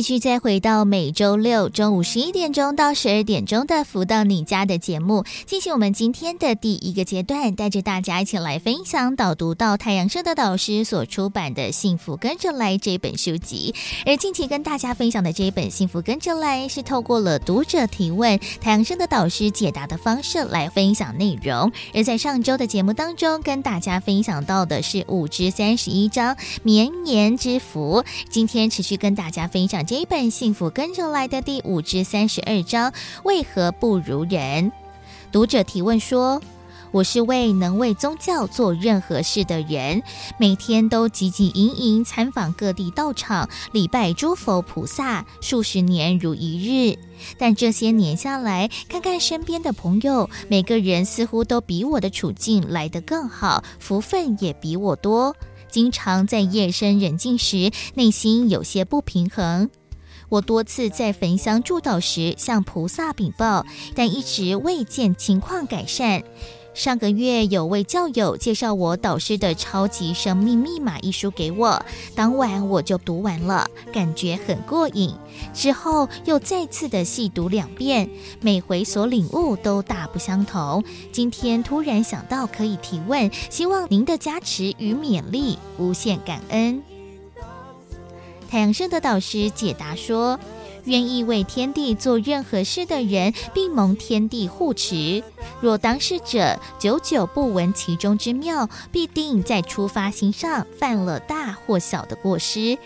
繼續再回到每周六中午十一點鐘到十二點鐘的《福到你家》的節目，進行我們今天的第一個階段，帶着大家一起來分享導讀到太陽盛德導師所出版的《幸福跟着來》這本書籍。而近期跟大家分享的這一本《幸福跟着來》，是透過了讀者提問、太陽盛德導師解答的方式來分享內容。而在上周的節目當中，跟大家分享到的是五至三十一章綿延之福。今天持續跟大家分享，這本《幸福跟着來的》第五至三十二章，為何不如人？讀者提問說：“我是位能為宗教做任何事的人，每天都汲汲營營，參訪各地道場，禮拜諸佛菩薩，數十年如一日。但這些年下來，看看身邊的朋友，每個人似乎都比我的處境來得更好，福分也比我多。”經常在夜深人靜時，內心有些不平衡。我多次在焚香祝禱時向菩薩稟報，但一直未見情況改善。上個月有位教友介紹我導師的《超級生命密碼》一書給我，當晚我就讀完了，感覺很過癮。之後又再次的細讀兩遍，每回所領悟都大不相同。今天突然想到可以提問，希望您的加持與勉勵，無限感恩。太陽盛德導師解答說。願意為天地做任何事的人，必蒙天地護持。若當事者久久不聞其中之妙，必定在出發心上犯了大或小的過失。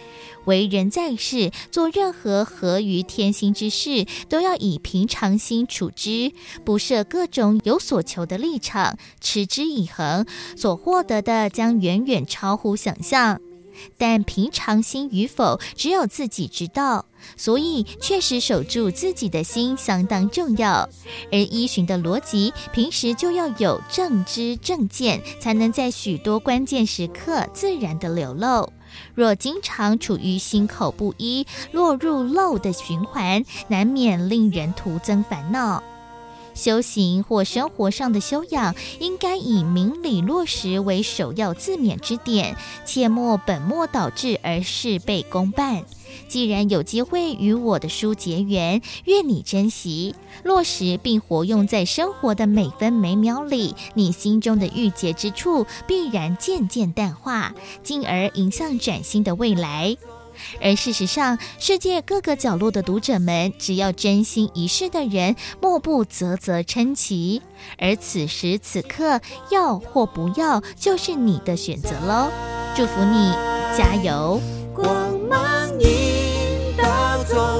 為人在世，做任何合於天心之事，都要以平常心處之，不設各種有所求的立場，持之以恆，所獲得的將遠遠超乎想象。但平常心與否，只有自己知道，所以確實守住自己的心相當重要。而依循的邏輯，平時就要有正知正見，才能在許多關鍵時刻自然的流露。若經常處於心口不一，落入漏的循環，難免令人徒增煩惱。修行或生活上的修養，應該以明理落實為首要自勉之點，切莫本末倒置而事倍功半。既然有機會與我的書結緣，願你珍惜落實並活用在生活的每分每秒裡，你心中的鬱結之處必然漸漸淡化，進而迎向嶄新的未來。而事實上，世界各個角落的讀者們，只要真心一試的人，莫不嘖嘖稱奇。而此時此刻，要或不要，就是你的選擇嘍！祝福你，加油！光芒引導。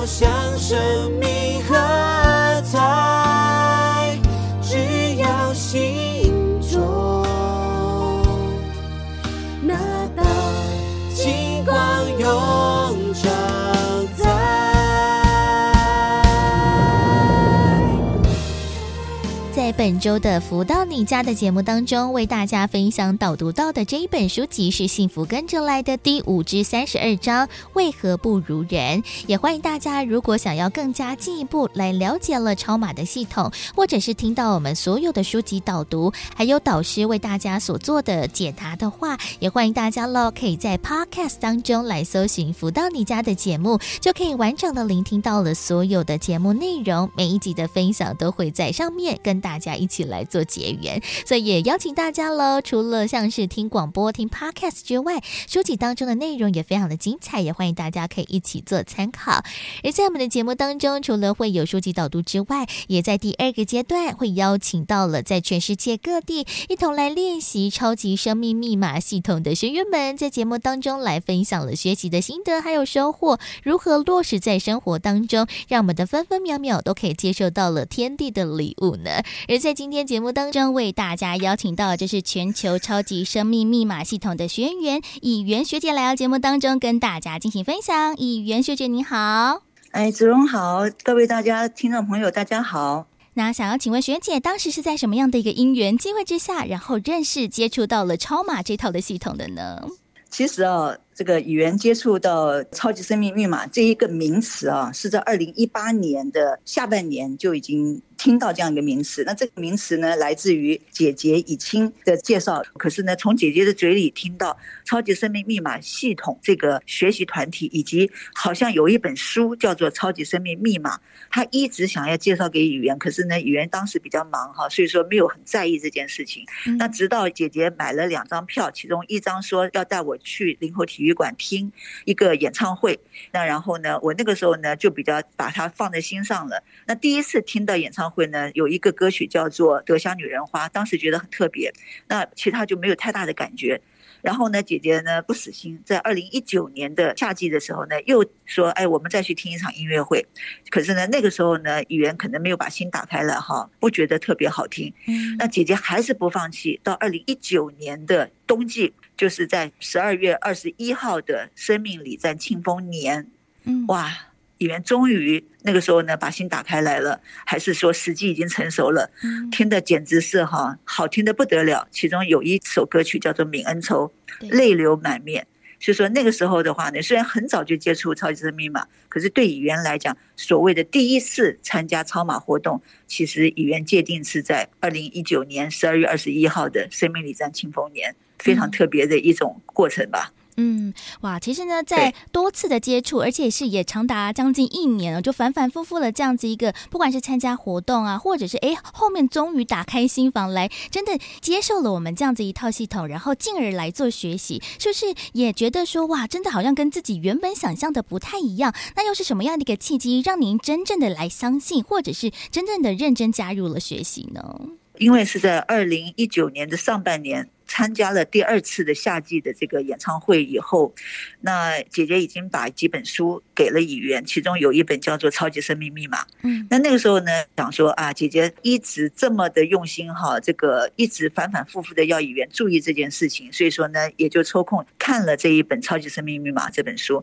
本週的“福到你家”的節目當中，為大家分享導讀到的這一本書籍是《幸福跟着來的》第五至三十二章。為何不如人？也歡迎大家，如果想要更加進一步來了解了超碼的系統，或者是聽到我們所有的書籍導讀，還有導師為大家所做的解答的話，也歡迎大家嘍，可以在 Podcast 當中來搜尋“福到你家”的節目，就可以完整的聆聽到了所有的節目內容，每一集的分享都會在上面跟大家一起來做結緣，所以也邀請大家嘍。除了像是聽廣播、聽 Podcast 之外，書籍當中的內容也非常的精彩，也歡迎大家可以一起做參考。而在我們的節目當中，除了會有書籍導讀之外，也在第二個階段會邀請到了在全世界各地一同來練習超級生命密碼系統的學員們，在節目當中來分享了學習的心得還有收穫，如何落實在生活當中，讓我們的分分秒秒都可以接受到了天地的禮物呢？而在今天節目當中，為大家邀請到這是全球超級生命密碼系統的學員以元學姐來到節目當中，跟大家進行分享。以元學姐，你好，哎，子榮好，各位大家聽眾朋友，大家好。那想要請問學姐，當時是在什麼樣的一個因緣機會之下，然後認識接觸到了超碼這套的系統的呢？其實啊，這個以元接觸到超級生命密碼這一個名詞啊，是在二零一八年的下半年就已經。聽到這樣一個名詞，那這個名詞呢，來自於姐姐以清的介紹。可是呢，從姐姐的嘴裡聽到“超級生命密碼系統”這個學習團體，以及好像有一本書叫做《超級生命密碼》，她一直想要介紹給語言。可是呢，語言當時比較忙哈，所以說沒有很在意這件事情。嗯。那直到姐姐買了兩張票，其中一張說要帶我去林口體育館聽一個演唱會。那然後呢，我那個時候呢就比較把它放在心上了。那第一次聽到演唱會。會呢，有一個歌曲叫做《德香女人花》，當時覺得很特別。那其他就沒有太大的感覺。然後呢，姐姐呢不死心，在二零一九年的夏季的時候呢，又說：“哎，我們再去聽一場音樂會。”可是呢，那個時候呢，語言可能沒有把心打開了哈，不覺得特別好聽。嗯。那姐姐還是不放棄。到二零一九年的冬季，就是在十二月二十一號的《生命禮讚慶豐年》。嗯。哇。嗯語言終於那個時候呢，把心打開來了，還是說時機已經成熟了？聽的簡直是哈，好聽的不得了。其中有一首歌曲叫做《泯恩仇》，淚流滿面。對 所以說那個時候的話呢，雖然很早就接觸超級生命密碼，可是對語言來講，所謂的第一次參加超馬活動，其實語言界定是在二零一九年十二月二十一號的《生命禮讚》慶豐年，非常特別的一種過程吧。對 嗯嗯，哇，其實呢，在多次的接觸，對而且是也長達將近一年了，就反反复复的這樣子一個，不管是參加活動啊，或者是誒，後面終於打開心房來，真的接受了我們這樣子一套系統，然後進而來做學習，是不是也覺得說哇，真的好像跟自己原本想象的不太一樣？那又是什麼樣的一個契機，讓您真正的來相信，或者是真正的認真加入了學習呢？因為是在二零一九年的上半年。參加了第二次的夏季的這個演唱會以後，那姐姐已經把幾本書給了乙元，其中有一本叫做《超級生命密碼》。嗯，那那個時候呢，想說啊，姐姐一直這麼的用心哈，這個一直反反复复的要乙元注意這件事情，所以說呢，也就抽空看了這一本《超級生命密碼》這本書。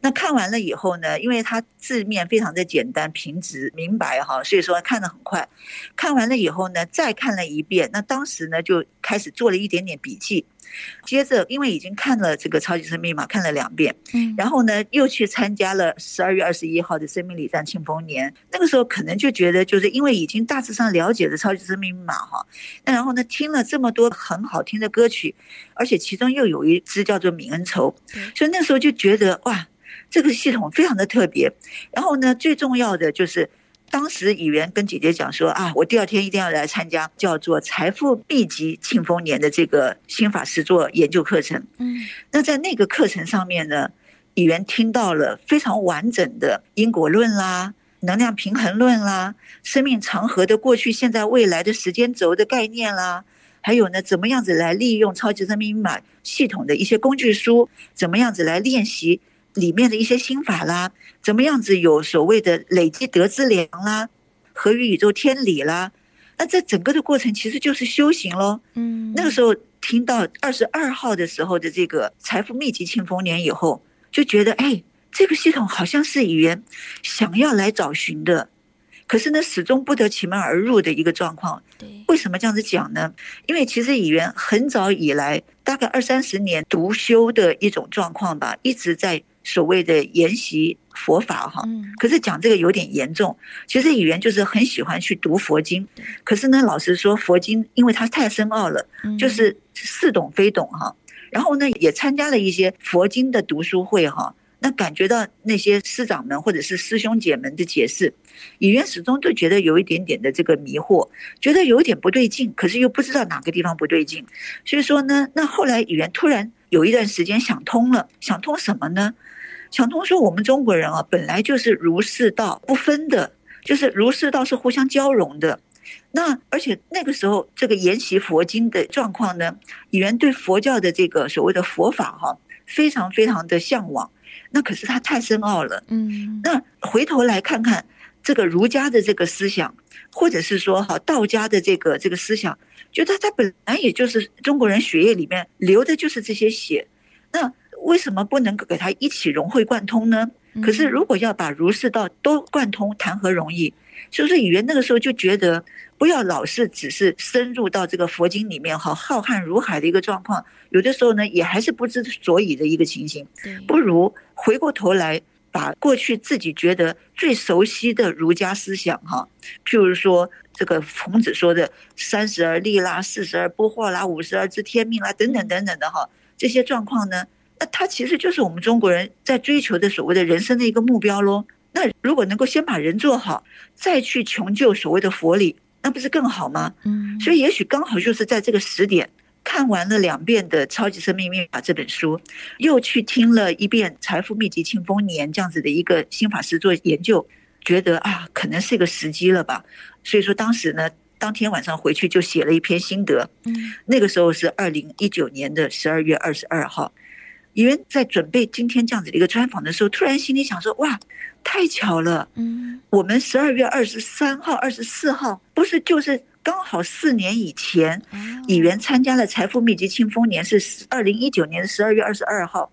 那看完了以後呢，因為它字面非常的簡單、平直、明白哈，所以說看得很快。看完了以後呢，再看了一遍，那當時呢，就開始做了一點點筆記。接着，因為已經看了這個《超級生命密碼》看了兩遍，嗯，然後呢，又去參加了十二月二十一號的“生命禮讚慶豐年”。那個時候可能就覺得，就是因為已經大致上了解了《超級生命密碼》哈，那然後呢，聽了這麼多很好聽的歌曲，而且其中又有一支叫做《泯恩仇》。所以那時候就覺得哇，這個系統非常的特別。然後呢，最重要的就是。當時語言跟姐姐講說啊，我第二天一定要來參加叫做“財富祕笈慶豐年”的這個心法實作研究課程。嗯，那在那個課程上面呢，語言聽到了非常完整的因果論啦、能量平衡論啦、生命長河的過去、現在、未來的時間軸的概念啦，還有呢，怎麼樣子來利用超級生命密碼系統的一些工具書，怎麼樣子來練習。裡面的一些心法啦，怎麼樣子有所謂的累積德之量啦，合於宇宙天理啦，那這整個的過程其實就是修行嘍。嗯，那個時候聽到二十二號的時候的這個財富密集慶豐年以後，就覺得哎，這個系統好像是語元想要來找尋的，可是呢，始終不得其門而入的一個狀況。對，為什麼這樣子講呢？因為其實語元很早以來，大概二三十年獨修的一種狀況吧，一直在。所謂的研習佛法哈，可是講這個有點嚴重。其實語言就是很喜歡去讀佛經，可是呢，老實說佛經因為它太深奧了，就是似懂非懂哈。然後呢，也參加了一些佛經的讀書會哈，那感覺到那些師長們或者是師兄姐們的解釋，語言始終都覺得有一點點的這個迷惑，覺得有一點不對勁，可是又不知道哪個地方不對勁。所以說呢，那後來語言突然有一段時間想通了，想通什麼呢？想通說，我們中國人啊，本來就是儒釋道不分的，就是儒釋道是互相交融的。那而且那個時候，這個沿襲佛經的狀況呢，原對佛教的這個所謂的佛法哈、啊，非常非常的向往。那可是他太深奧了。嗯。那回頭來看看這個儒家的這個思想，或者是說哈道家的這個這個思想，就他他本來也就是中國人血液裡面流的就是這些血。那。為什麼不能夠給他一起融會貫通呢？可是如果要把儒釋道都貫通，談何容易？嗯、所以說語言那個時候就覺得，不要老是只是深入到這個佛經裡面哈，浩瀚如海的一個狀況，有的時候呢也還是不知所以的一個情形。對不如回過頭來，把過去自己覺得最熟悉的儒家思想哈，譬如說這個孔子說的“三十而立”啦、“四十而不惑”啦、“五十而知天命”啦等等等等的哈，這些狀況呢？那它其實就是我們中國人在追求的所謂的人生的一個目標咯。那如果能夠先把人做好，再去窮究所謂的佛理，那不是更好嗎？所以也許剛好就是在這個時點，看完了兩遍的《超級生命密碼》這本書，又去聽了一遍《財富秘籍慶豐年》這樣子的一個心法實作研究，覺得啊，可能是一個時機了吧。所以說當時呢，當天晚上回去就寫了一篇心得。那個時候是二零一九年的十二月二十二號。以源在準備今天這樣子的一個專訪的時候，突然心裡想說：“哇，太巧了！嗯、我們十二月二十三號、二十四號，不是就是剛好四年以前，哦、以源參加了《財富密集》慶豐年，是二零一九年的十二月二十二號。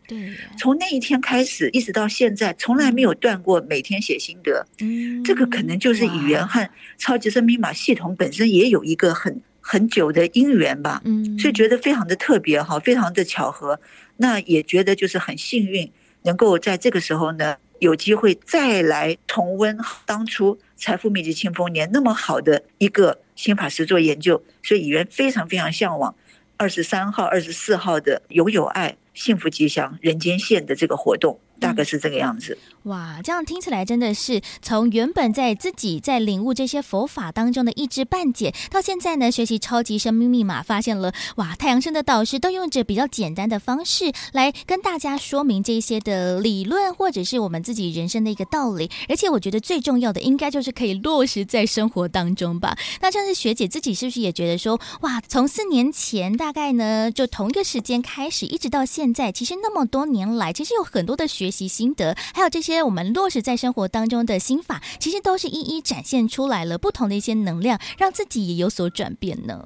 從耶那一天開始，一直到現在，從來沒有斷過每天寫心得。嗯、這個可能就是以源和超級生命密碼系統本身也有一個很很久的因緣吧。嗯、所以覺得非常的特別哈，非常的巧合。”那也覺得就是很幸運，能夠在這個時候呢，有機會再來重溫當初《財富密集清豐年》那麼好的一個新法實作研究，所以雨園非常非常向往二十三號、二十四號的擁有，有愛、幸福吉祥、人間線的這個活動。大概是這個樣子、嗯嗯。哇，這樣聽起來真的是從原本在自己在領悟這些佛法當中的一知半解，到現在呢學習超級生命密碼，發現了哇，太陽盛德導師都用着比較簡單的方式來跟大家說明這些的理論，或者是我們自己人生的一個道理。而且我覺得最重要的，應該就是可以落實在生活當中吧。那像是學姐自己是不是也覺得說，哇，從四年前大概呢就同一個時間開始，一直到現在，其實那麼多年來，其實有很多的學。學習心得，還有這些我們落實在生活當中的心法，其實都是一一展現出來了不同的一些能量，讓自己也有所轉變呢。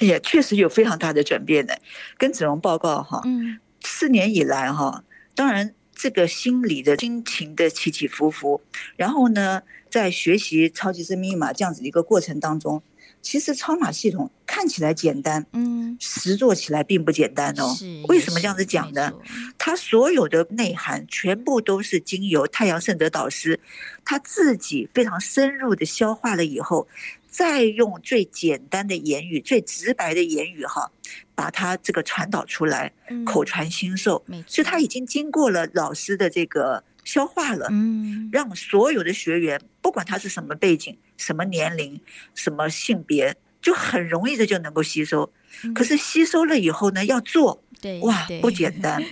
也確實有非常大的轉變呢。跟子榮報告哈，嗯，四年以來哈，當然這個心理的心情的起起伏伏，然後呢，在學習《超級生命密碼》這樣子的一個過程當中。其實超碼系統看起來簡單，嗯，實作起來並不簡單哦。是為什麼這樣子講呢？它，是所有的內涵全部都是經由太陽盛德導師他自己非常深入的消化了以後，再用最簡單的言語、最直白的言語哈，把它這個傳導出來，嗯、口傳心授，錯所以他已經經過了老師的這個消化了，嗯，讓所有的學員不管他是什麼背景。什麼年齡，什麼性別，就很容易的就能夠吸收。嗯、可是吸收了以後呢，要做，對哇，不簡單。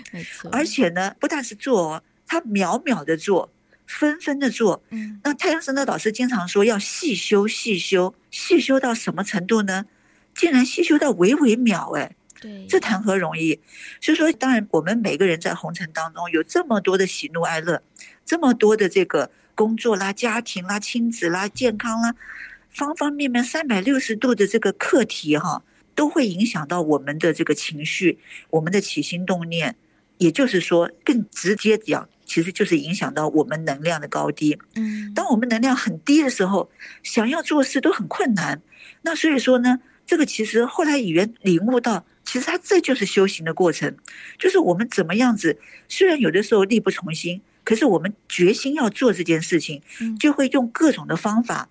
而且呢，不但是做，他秒秒的做，分分的做。嗯、那太陽盛德導師經常說，要細修，細修，細修到什麼程度呢？竟然細修到微微秒哎、欸！對，這談何容易？所以說，當然我們每個人在紅塵當中有這麼多的喜怒哀樂，這麼多的這個。工作啦，家庭啦，親子啦，健康啦，方方面面三百六十度的這個課題哈、啊，都會影響到我們的這個情緒，我們的起心動念，也就是說，更直接講，其實就是影響到我們能量的高低。嗯，當我們能量很低的時候，想要做事都很困難。那所以說呢，這個其實後來語言領悟到，其實它這就是修行的過程，就是我們怎麼樣子，雖然有的時候力不從心。可是我們決心要做這件事情，就會用各種的方法，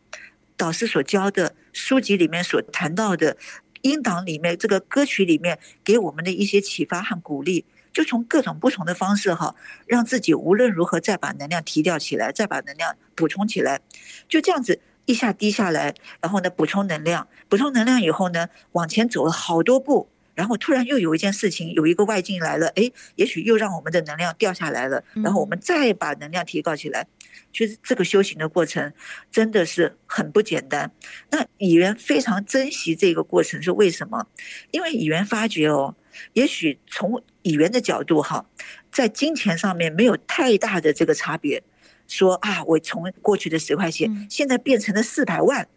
導師所教的書籍裡面所談到的，音檔裡面這個歌曲裡面給我們的一些啟發和鼓勵，就從各種不同的方式哈，讓自己無論如何再把能量提掉起來，再把能量補充起來，就這樣子一下低下來，然後呢補充能量，補充能量以後呢，往前走了好多步。然後突然又有一件事情，有一個外境來了，誒，也許又讓我們的能量掉下來了。然後我們再把能量提高起來，其實這個修行的過程，真的是很不簡單。那以元非常珍惜這個過程是為什麼？因為以元發覺哦，也許從以元的角度哈，在金錢上面沒有太大的這個差別，說啊，我從過去的十塊錢，現在變成了四百萬，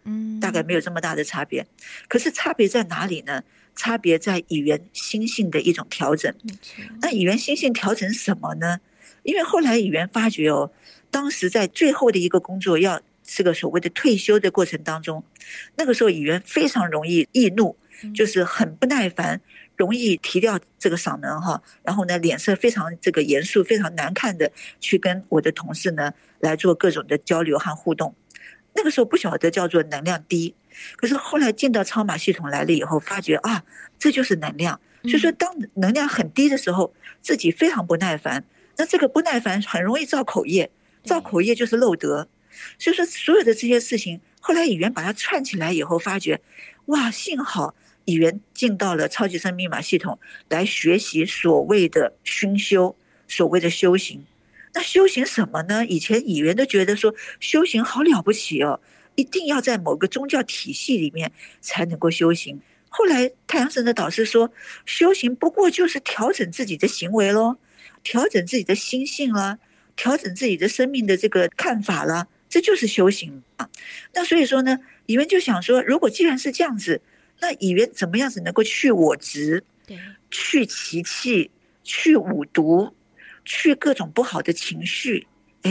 大概沒有這麼大的差別。可是差別在哪裡呢？差別在語言心性的一種調整，那語言心性調整什麼呢？因為後來語言發覺哦，當時在最後的一個工作要這個所謂的退休的過程當中，那個時候語言非常容易易怒，就是很不耐煩，容易提掉這個嗓門哈，然後呢臉色非常這個嚴肅，非常難看的去跟我的同事呢來做各種的交流和互動。那個時候不曉得叫做能量低。可是後來進到超碼系統來了以後，發覺啊，這就是能量。所以說，當能量很低的時候，自己非常不耐煩，那這個不耐煩很容易造口業，造口業就是漏德。所以說，所有的這些事情，後來以元把它串起來以後，發覺，哇，幸好以元進到了超級生命密碼系統來學習所謂的熏修，所謂的修行。那修行什麼呢？以前以元都覺得說修行好了不起哦。一定要在某個宗教體系裡面才能夠修行。後來太陽盛德導師說，修行不過就是調整自己的行為咯，調整自己的心性啦，調整自己的生命的這個看法啦，這就是修行啊。那所以說呢，乙元就想說，如果既然是這樣子，那乙元怎麼樣子能夠去我執對，去脾氣，去五毒，去各種不好的情緒？哎。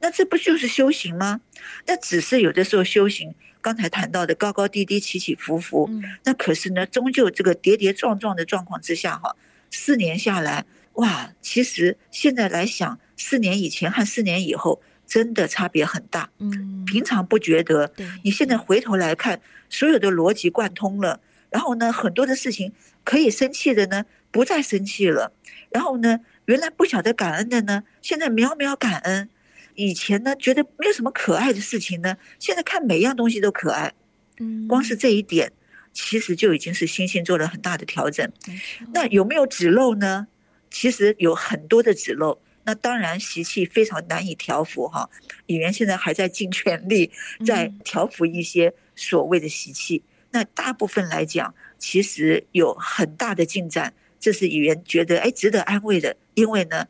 那這不就是修行嗎？那只是有的時候修行，剛才談到的高高低低、起起伏伏。嗯、那可是呢，終究這個跌跌撞撞的狀況之下，哈，四年下來，哇，其實現在來想，四年以前和四年以後，真的差別很大。嗯、平常不覺得，對你現在回頭來看，所有的邏輯貫通了，然後呢，很多的事情可以生氣的呢，不再生氣了。然後呢，原來不曉得感恩的呢，現在秒秒感恩。以前呢，覺得沒有什麼可愛的事情呢，現在看每樣東西都可愛，嗯，光是這一點，其實就已經是心性做了很大的調整。嗯、那有沒有止漏呢？其實有很多的止漏。那當然習氣非常難以調服哈、啊。語言現在還在盡全力在調服一些所謂的習氣。嗯、那大部分來講，其實有很大的進展，這是語言覺得哎值得安慰的，因為呢，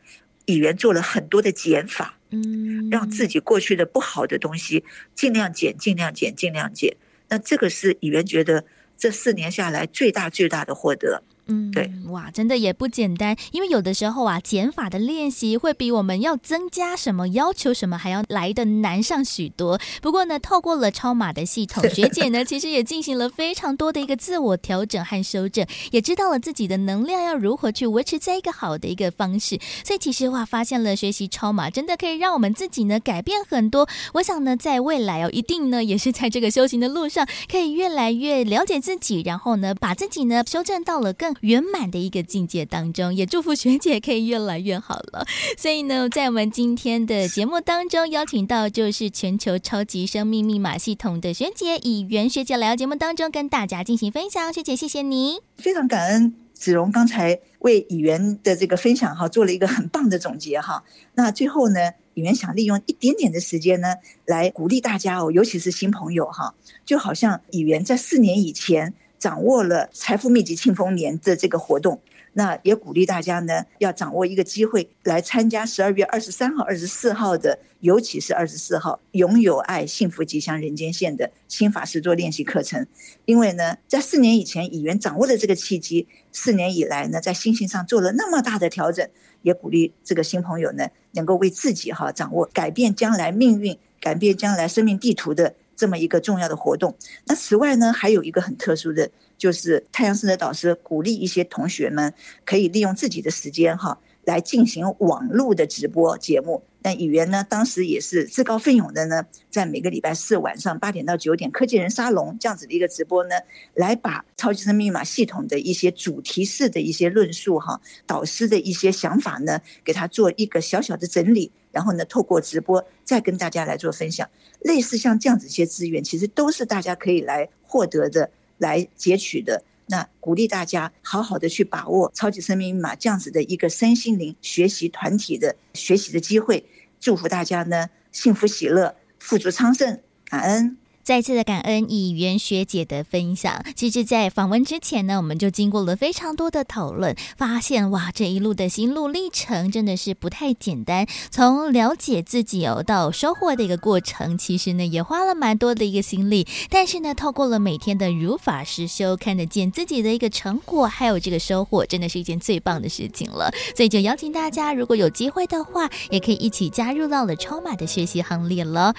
語言做了很多的減法。嗯，讓自己過去的不好的東西盡量減，盡量減，盡量減。那這個是語言覺得這四年下來最大最大的獲得。嗯，對，哇，真的也不簡單，因為有的時候啊，減法的練習會比我們要增加什麼、要求什麼還要來得難上許多。不過呢，透過了超馬的系統，學姐呢其實也進行了非常多的一個自我調整和修正， 也知道了自己的能量要如何去維持在一個好的一個方式。所以其實哇，發現了學習超馬真的可以讓我們自己呢改變很多。我想呢，在未來哦，一定呢也是在這個修行的路上，可以越來越了解自己，然後呢，把自己呢修正到了更。圓滿的一個境界當中，也祝福璇姐可以越來越好了。所以呢，在我們今天的節目當中，邀請到就是全球超級生命密碼系統的璇姐以媛學姐來到節目當中，跟大家進行分享。璇姐，謝謝你，非常感恩子榮剛才為以媛的這個分享哈做了一個很棒的總結哈。那最後呢，以媛想利用一點點的時間呢，來鼓勵大家哦，尤其是新朋友哈，就好像以媛在四年以前，掌握了財富密集慶豐年的這個活動，那也鼓勵大家呢，要掌握一個機會來參加十二月二十三號、二十四號的，尤其是二十四號，擁有愛、幸福、吉祥、人間線的心法實作研習課程。因為呢，在四年以前以元掌握的這個契機，四年以來呢，在心性上做了那麼大的調整，也鼓勵這個新朋友呢，能夠為自己哈掌握改變將來命運、改變將來生命地圖的，這麼一個重要的活動，那此外呢，還有一個很特殊的就是太陽神的導師鼓勵一些同學們，可以利用自己的時間哈，來進行網絡的直播節目。那語言呢，當時也是自告奮勇的呢，在每個禮拜四晚上八點到九點，科技人沙龍這樣子的一個直播呢，來把超級生密碼系統的一些主題式的一些論述哈，導師的一些想法呢，給他做一個小小的整理。然後呢，透過直播再跟大家來做分享，類似像這樣子一些資源，其實都是大家可以來獲得的、來截取的。那鼓勵大家好好的去把握超級生命密碼這樣子的一個身心靈學習團體的學習的機會。祝福大家呢，幸福喜樂，富足昌盛，感恩。再次的感恩以原學姐的分享。其實，在訪問之前呢，我們就經過了非常多的討論，發現哇，這一路的心路歷程真的是不太簡單。從了解自己哦到收穫的一個過程，其實呢也花了蠻多的一個心力。但是呢，透過了每天的如法實修，看得見自己的一個成果，還有這個收穫，真的是一件最棒的事情了。所以就邀請大家，如果有機會的話，也可以一起加入到了超馬的學習行列了。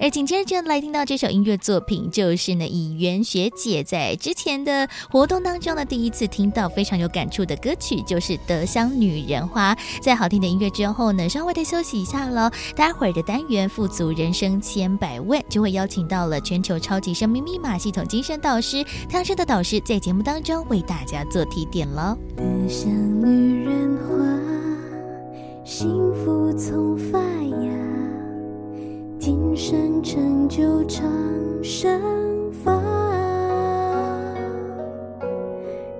而緊接着就來聽到這首音樂。的作品就是呢，以媛學姐在之前的活動當中呢，第一次聽到非常有感觸的歌曲，就是《德香女人花》。在好聽的音樂之後呢，稍微的休息一下嘍。待會兒的單元“富足人生千百問”就會邀請到了全球超級生命密碼系統精神導師太陽盛德的導師，在節目當中為大家做提點嘍。德香女人花，幸福從發芽。今生成就長生法，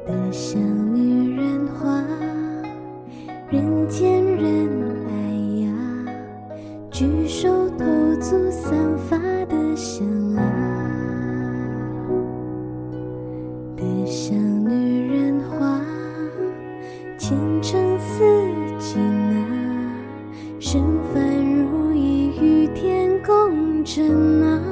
得像女人花，人見人愛呀，舉手投足散發的香啊，得像女人花，前程似錦吶，生發。共振啊！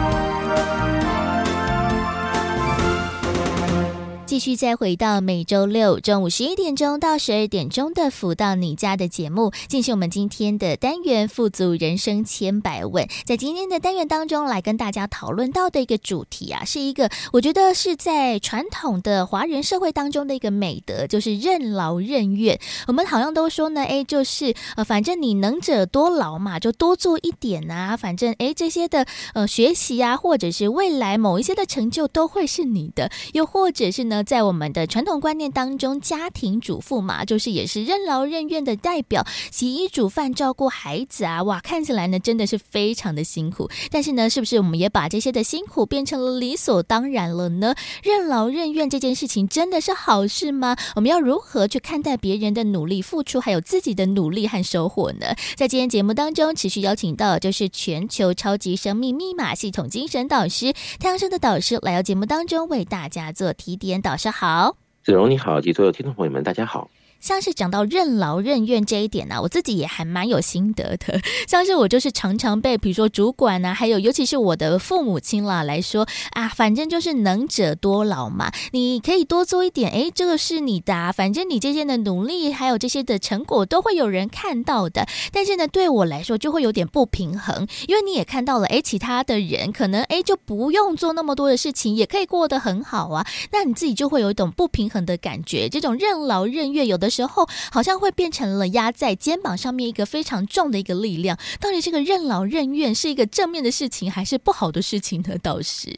繼續再回到每週六中午十一點鐘到十二點鐘的《福到你家》的節目，進行我們今天的單元《富足人生千百問》。在今天的單元當中，來跟大家討論到的一個主題啊，是一個我覺得是在傳統的華人社會當中的一個美德，就是任勞任怨。我們好像都說呢，哎，就是呃，反正你能者多勞嘛，就多做一點啊。反正哎，這些的呃學習啊，或者是未來某一些的成就都會是你的，又或者是呢，在我們的傳統觀念當中，家庭主婦嘛，就是也是任勞任怨的代表，洗衣煮飯、照顧孩子啊，哇，看起來呢真的是非常的辛苦。但是呢，是不是我們也把這些的辛苦變成了理所當然了呢？任勞任怨這件事情真的是好事嗎？我們要如何去看待別人的努力付出，還有自己的努力和收穫呢？在今天節目當中，持續邀請到的就是全球超級生命密碼系統精神導師太陽盛德導師來到節目當中，為大家做提點導。早上好，子榮你好及所有聽眾朋友們，大家好。像是講到任勞任怨這一點呢，我自己也還蠻有心得的。像是我就是常常被，比如說主管啊，還有尤其是我的父母親啦來說啊，反正就是能者多勞嘛，你可以多做一點，哎，這個是你的啊，反正你這些的努力還有這些的成果都會有人看到的。但是呢，對我來說就會有點不平衡，因為你也看到了，哎，其他的人可能哎就不用做那麼多的事情，也可以過得很好啊。那你自己就會有一種不平衡的感覺，這種任勞任怨有的時候好像會變成了壓在肩膀上面一個非常重的一個力量。到底這個任勞任怨是一個正面的事情還是不好的事情呢？導師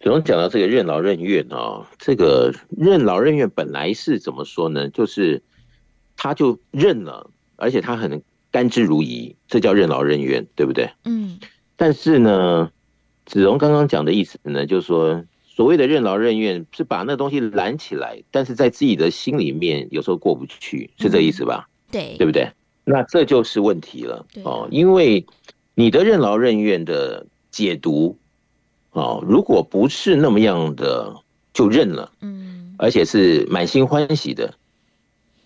子龍講到這個任勞任怨呢、啊，這個任勞任怨本來是怎麼說呢？就是他就認了，而且他很甘之如饴，這叫任勞任怨，對不對？嗯。但是呢，子龍剛剛講的意思呢，就是說。所謂的任勞任怨是把那東西攔起來，但是在自己的心裡面有時候過不去，是這意思吧？嗯、對，對不對？那這就是問題了。啊、哦，因為你的任勞任怨的解讀，哦，如果不是那麼樣的就認了，而且是滿心歡喜的，嗯、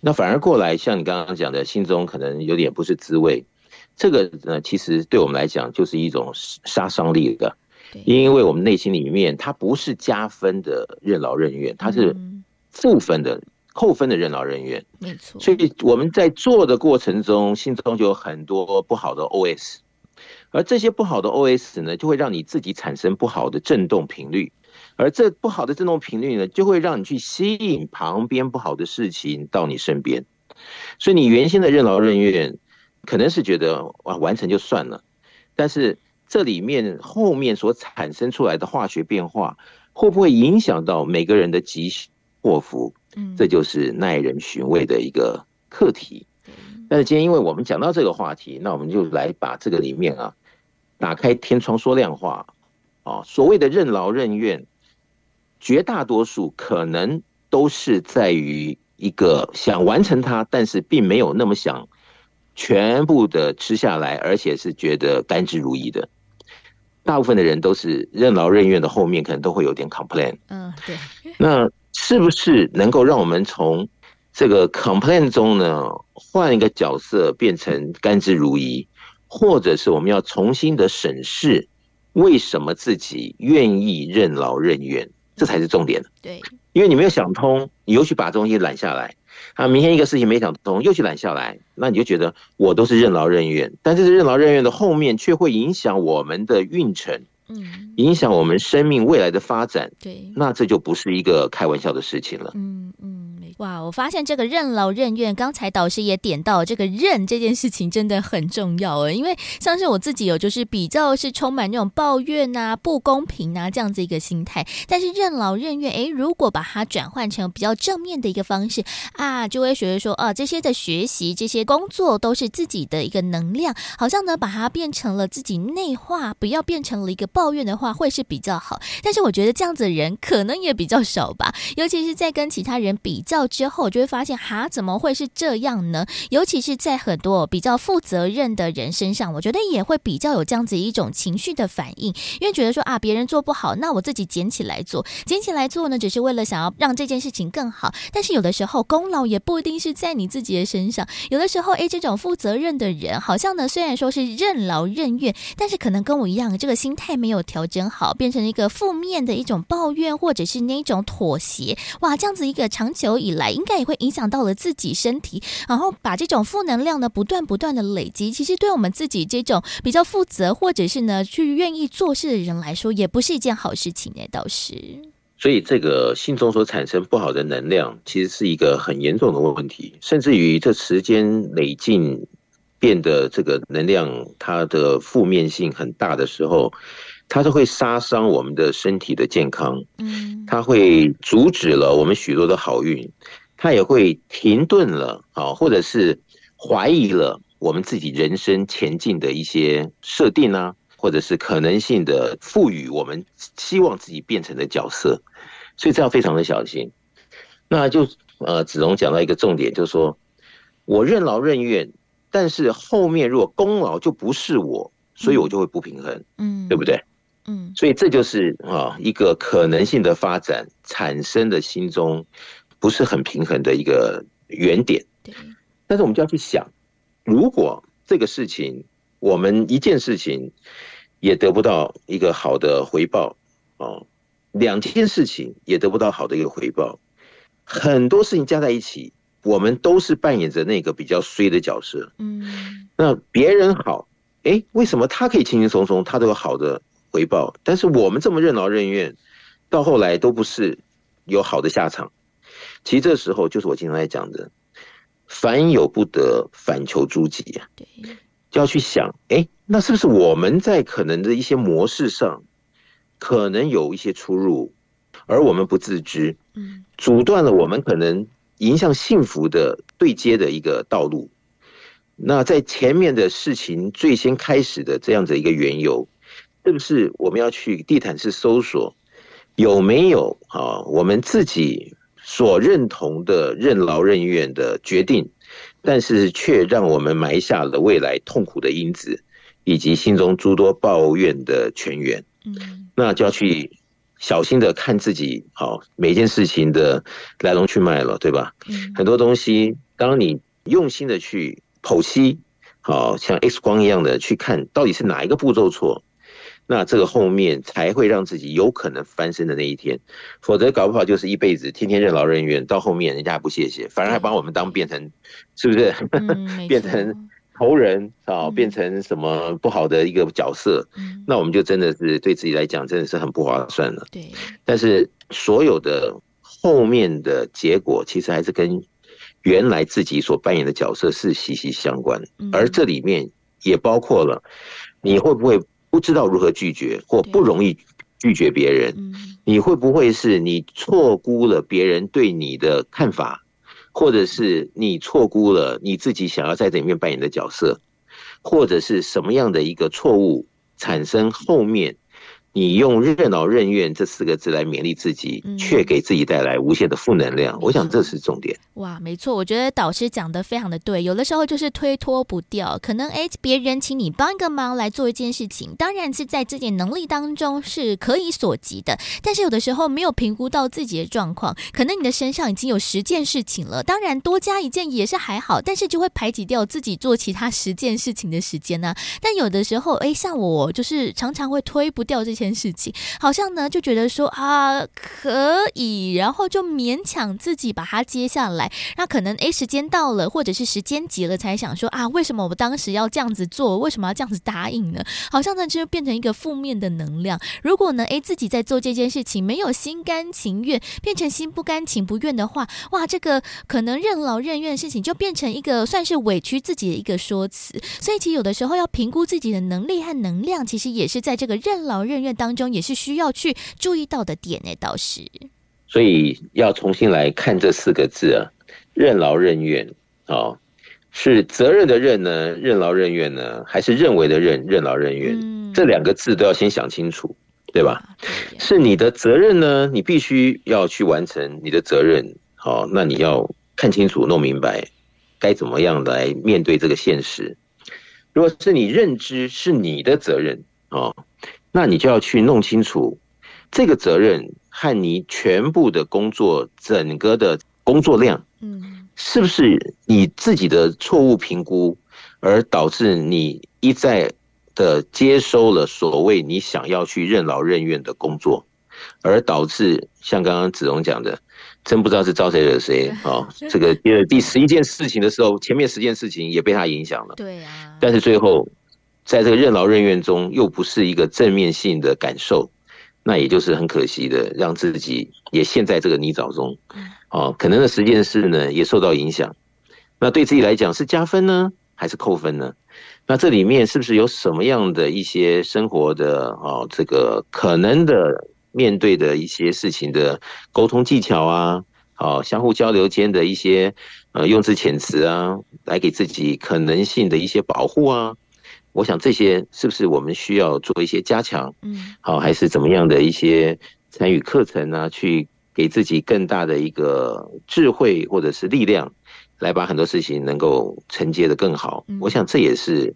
那反而過來像你剛剛講的心中可能有點不是滋味。這個呢，其實對我們來講就是一種殺傷力的。對因為我們內心裡面，它不是加分的任勞任怨，嗯，它是負分的扣分的任勞任怨。沒錯，所以我們在做的過程中，心中就有很多不好的 OS，而這些不好的 OS 呢，就會讓你自己產生不好的震動頻率，而這不好的震動頻率呢，就會讓你去吸引旁邊不好的事情到你身邊。所以你原先的任勞任怨，可能是覺得哇完成就算了，但是。這裡面後面所產生出來的化學變化，會不會影響到每個人的吉凶禍福？嗯，這就是耐人尋味的一個課題。但是今天因為我們講到這個話題，那我們就來把這個裡面啊，打開天窗說亮話啊。所謂的任勞任怨，絕大多數可能都是在於一個想完成它，但是並沒有那麼想全部的吃下來，而且是覺得甘之如飴的。大部分的人都是任勞任怨的，後面可能都會有點 complain。嗯，對。那是不是能夠讓我們從這個 complain 中呢，換一個角色，變成甘之如飴，或者是我們要重新的審視為什麼自己願意任勞任怨？這才是重點。對，因為你沒有想通，你尤其把東西攬下來。啊，明天一個事情沒想通，又去攬下來，那你就覺得我都是任勞任怨，但這是任勞任怨的後面卻會影響我們的運程，影響我們生命未來的發展，對，那這就不是一個開玩笑的事情了，嗯嗯。哇，我發現這個任勞任怨，剛才導師也點到這個任這件事情真的很重要哦。因為相信我自己有，就是比較是充滿那種抱怨吶、啊、不公平啊這樣子一個心態。但是任勞任怨，誒，如果把它轉換成比較正面的一個方式啊，就會學會說啊，這些的學習、這些工作都是自己的一個能量，好像呢把它變成了自己內化，不要變成了一個抱怨的話，會是比較好。但是我覺得這樣子的人可能也比較少吧，尤其是在跟其他人比較。之後我就會發現，哈、啊，怎麼會是這樣呢？尤其是在很多比較負責任的人身上，我覺得也會比較有這樣子一種情緒的反應，因為覺得說啊，別人做不好，那我自己撿起來做，撿起來做呢，只是為了想要讓這件事情更好。但是有的時候，功勞也不一定是在你自己的身上。有的時候，哎，這種負責任的人，好像呢，雖然說是任勞任怨，但是可能跟我一樣，這個心態沒有調整好，變成一個負面的一種抱怨，或者是那一種妥協。哇，這樣子一個長久以來，應該也會影響到了自己身體，然後把這種負能量呢，不斷不斷的累積，其實對我們自己這種比較負責，或者是呢去願意做事的人來說，也不是一件好事情呢，欸，倒是。所以，這個心中所產生不好的能量，其實是一個很嚴重的問問題，甚至於這時間累進變得這個能量它的負面性很大的時候，它都會殺傷我們的身體的健康，嗯，它會阻止了我們許多的好運，它、嗯、也會停頓了啊，或者是懷疑了我們自己人生前進的一些設定啊，或者是可能性的賦予我們希望自己變成的角色，所以這要非常的小心。那就呃，子龍講到一個重點，就是說我任勞任怨，但是後面如果功勞就不是我，所以我就會不平衡，嗯，對不對？嗯嗯，所以這就是啊一個可能性的發展產生的心中不是很平衡的一個原點。對。但是我們就要去想，如果這個事情，我們一件事情也得不到一個好的回報啊，兩件事情也得不到好的一個回報，很多事情加在一起，我們都是扮演着那個比較衰的角色。嗯。那別人好，誒，為什麼他可以輕輕鬆鬆，他都有好的？回報，但是我們這麼任勞任怨，到後來都不是有好的下場。其實這時候就是我經常在講的，凡有不得，反求諸己啊，對，就要去想，誒，那是不是我們在可能的一些模式上，可能有一些出入，而我們不自知，嗯，阻斷了我們可能迎向幸福的對接的一個道路。那在前面的事情最先開始的這樣子一個緣由。是不是我們要去地毯式搜索，有沒有啊？我們自己所認同的任勞任怨的決定，但是卻讓我們埋下了未來痛苦的因子，以及心中諸多抱怨的泉源。那就要去小心的看自己，啊，好每件事情的來龍去脈了，對吧？很多東西，當你用心的去剖析，啊，好像 X 光一樣的去看到底是哪一個步驟錯。那這個後面才會讓自己有可能翻身的那一天，否則搞不好就是一輩子天天任勞任怨，嗯、到後面人家不謝謝，反而還把我們當變成，嗯、是不是？嗯、 變成仇人啊？嗯、變成什麼不好的一個角色？嗯、那我們就真的是對自己來講，真的是很不划算了。對。嗯、但是所有的後面的結果，其實還是跟原來自己所扮演的角色是息息相關的。嗯、而這裡面也包括了你會不會。不知道如何拒絕，或不容易拒絕別人，對你會不會是你錯估了別人對你的看法，或者是你錯估了你自己想要在這裡面扮演的角色，或者是什麼樣的一個錯誤產生後面？你用任勞任怨這四個字來勉勵自己，嗯、卻給自己帶來無限的負能量。沒錯，我想這是重點。哇，沒錯，我覺得導師講的非常的對。有的時候就是推脫不掉，可能哎，別人請你幫一個忙來做一件事情，當然是在自己能力當中是可以所及的。但是有的時候沒有評估到自己的狀況，可能你的身上已經有十件事情了，當然多加一件也是還好，但是就會排擠掉自己做其他十件事情的時間呢、啊。但有的時候，哎，像我就是常常會推不掉這些。件事情好像呢就覺得說啊可以，然後就勉強自己把它接下來。那可能哎時間到了或者是時間急了才想說啊為什麼我們當時要這樣子做？為什麼要這樣子答應呢？好像呢就變成一個負面的能量。如果呢哎自己在做這件事情沒有心甘情願，變成心不甘情不願的話，哇這個可能任勞任怨的事情就變成一個算是委屈自己的一個說辭。所以其實有的時候要評估自己的能力和能量，其實也是在這個任勞任怨當中也是需要去注意到的點呢，倒是，所以要重新來看這四個字啊，“任勞任怨”哦，是責任的“任”呢？任勞任怨呢？還是認為的“任”任勞任怨？嗯、這兩個字都要先想清楚，對吧？啊、對是你的責任呢？你必須要去完成你的責任，好、哦，那你要看清楚、弄明白，該怎麼樣來面對這個現實。如果是你認知是你的責任啊。哦那你就要去弄清楚，這個責任和你全部的工作，整個的工作量，嗯，是不是你自己的錯誤評估，而導致你一再的接收了所謂你想要去任勞任怨的工作，而導致像剛剛子榮講的，真不知道是招誰惹誰啊！這個因為第十一件事情的時候， 前面十件事情也被他影響了，對啊，但是最後。在這個任勞任怨中，又不是一個正面性的感受，那也就是很可惜的，讓自己也陷在這個泥沼中，啊。可能的實驗室呢，也受到影響。那對自己來講是加分呢，還是扣分呢？那這裡面是不是有什麼樣的一些生活的，啊，這個可能的面對的一些事情的溝通技巧啊，啊，相互交流間的一些呃用詞遣詞啊，來給自己可能性的一些保護啊？我想這些是不是我們需要做一些加強？嗯，好，還是怎麼樣的一些參與課程呢、啊？去給自己更大的一個智慧或者是力量，來把很多事情能夠承接得更好。我想這也是。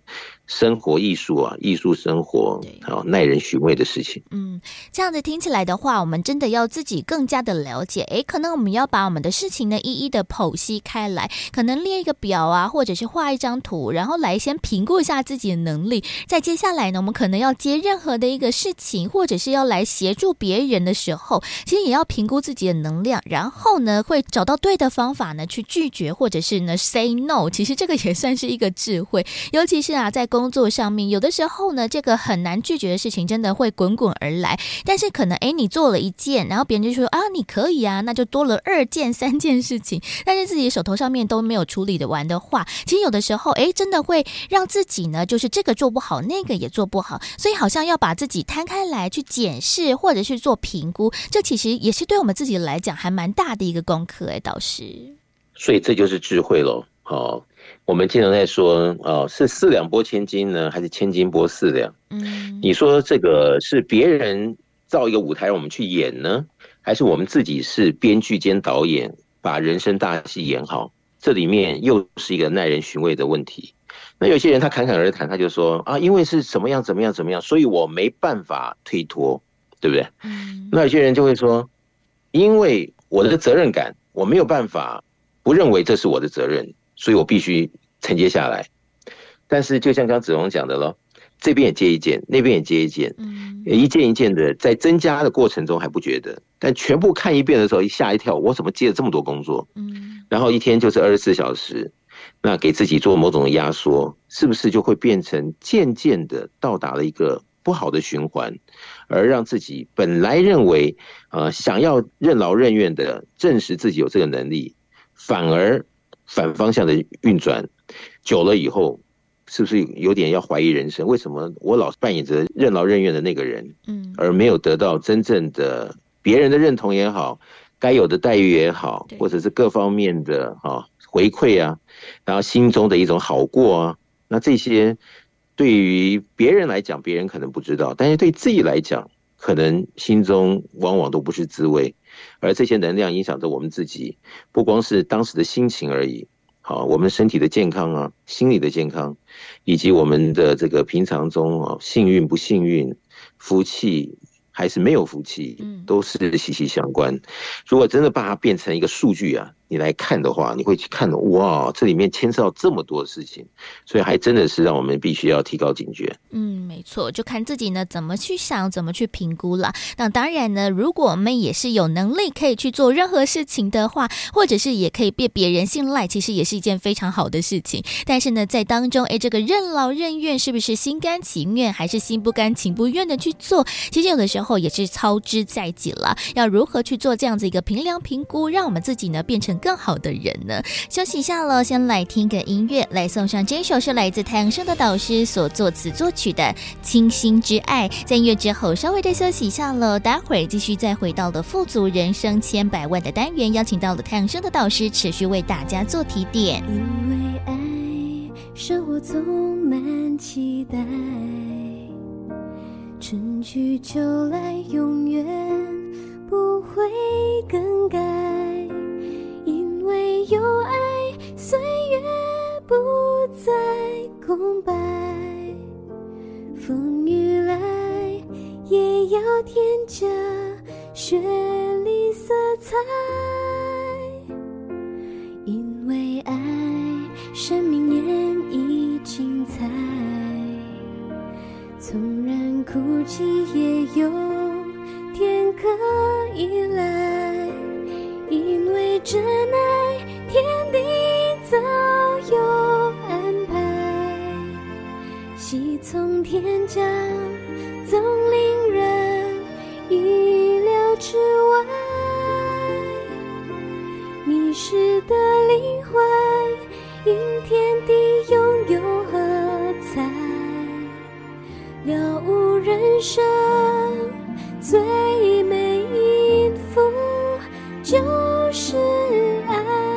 生活藝術啊，藝術生活，還有對耐人尋味的事情。嗯，這樣子聽起來的話，我們真的要自己更加的了解。哎，可能我們要把我們的事情呢一一的剖析開來，可能列一個表啊，或者是畫一張圖，然後來先評估一下自己的能力。在接下來呢，我們可能要接任何的一個事情，或者是要來協助別人的時候，其實也要評估自己的能量，然後呢，會找到對的方法呢去拒絕或者是呢 say no。其實這個也算是一個智慧，尤其是啊在公工作上面有的時候呢，這個很難拒絕的事情真的會滾滾而來。但是可能哎，你做了一件，然後別人就說啊，你可以啊，那就多了二件、三件事情。但是自己手頭上面都沒有處理得完的話，其實有的時候哎，真的會讓自己呢，就是這個做不好，那個也做不好。所以好像要把自己攤開來去檢視，或者是做評估，這其實也是對我們自己來講還蠻大的一個功課哎、欸，導師。所以這就是智慧嘍。好，哦，我們經常在說，哦，是四兩撥千斤呢，還是千斤撥四兩？Mm hmm. 你說這個是別人造一個舞台讓我們去演呢，還是我們自己是編劇兼導演，把人生大戲演好？這裡面又是一個耐人尋味的問題。那有些人他侃侃而談，他就說啊，因為是怎麼樣怎麼樣怎麼樣，所以我沒辦法推脫，對不對？Mm hmm. 那有些人就會說，因為我的責任感，我沒有辦法不認為這是我的責任。所以我必須承接下來，但是就像剛子龍講的嘍，這邊也接一件，那邊也接一件，一件一件的在增加的過程中還不覺得，但全部看一遍的時候一嚇一跳，我怎麼接了這麼多工作？然後一天就是二十四小時，那給自己做某種壓縮，是不是就會變成漸漸的到達了一個不好的循環，而讓自己本來認為呃想要任勞任怨的證實自己有這個能力，反而。反方向的運轉，久了以後，是不是有點要懷疑人生？為什麼我老是扮演着任勞任怨的那個人，嗯，而沒有得到真正的別人的認同也好，該有的待遇也好，或者是各方面的啊回饋啊，然後心中的一種好過啊，那這些對於別人來講，別人可能不知道，但是對自己來講，可能心中往往都不是滋味。而這些能量影響着我們自己，不光是當時的心情而已。好、啊，我們身體的健康啊，心理的健康，以及我們的這個平常中啊，幸運不幸運，福氣還是沒有福氣，都是息息相關。嗯、如果真的把它變成一個數據啊。你來看的話，你會去看的哇，這裡面牽涉到這麼多事情，所以還真的是讓我們必須要提高警覺。嗯，沒錯，就看自己呢怎麼去想，怎麼去評估了。那當然呢，如果我們也是有能力可以去做任何事情的話，或者是也可以被別人信賴，其實也是一件非常好的事情。但是呢，在當中，哎，這個任勞任怨是不是心甘情願，還是心不甘情不願的去做？其實有的時候也是操之在己了。要如何去做這樣子一個評量評估，讓我們自己呢變成？更好的人呢？休息下了，先來聽個音樂，來送上這首是來自太陽盛德導師所作詞作曲的《清新之愛》。在音樂之後，稍微再休息下了，待會兒繼續再回到了富足人生千百問的單元，邀請到了太陽盛德導師，持續為大家做提點。因為愛，生活充滿期待，春去秋來，永遠不會更改。唯有愛，歲月不再空白。風雨來，也要添加絢麗色彩。因為愛，生命演繹精彩。縱然孤寂，也有天可依賴。因為真愛，天地早有安排。喜從天降，總令人意料之外。迷失的靈魂，因天地擁有喝彩，了悟人生最美音符。就是愛。